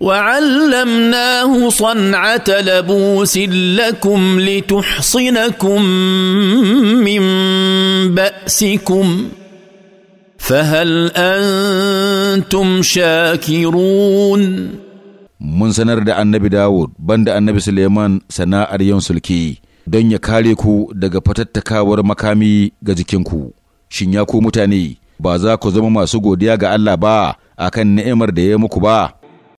وعلمناه صنعه لبوس لكم لتحصنكم من باسكم فهل انتم شاكرون mun sanar da annabi dawud banda annabi suleiman sana'ar yin sulki don ya kare ku daga fatattakawar makami ga jikin ku. shin ya ku mutane ba za ku zama masu godiya ga allah ba akan ni'imar da ya yi muku ba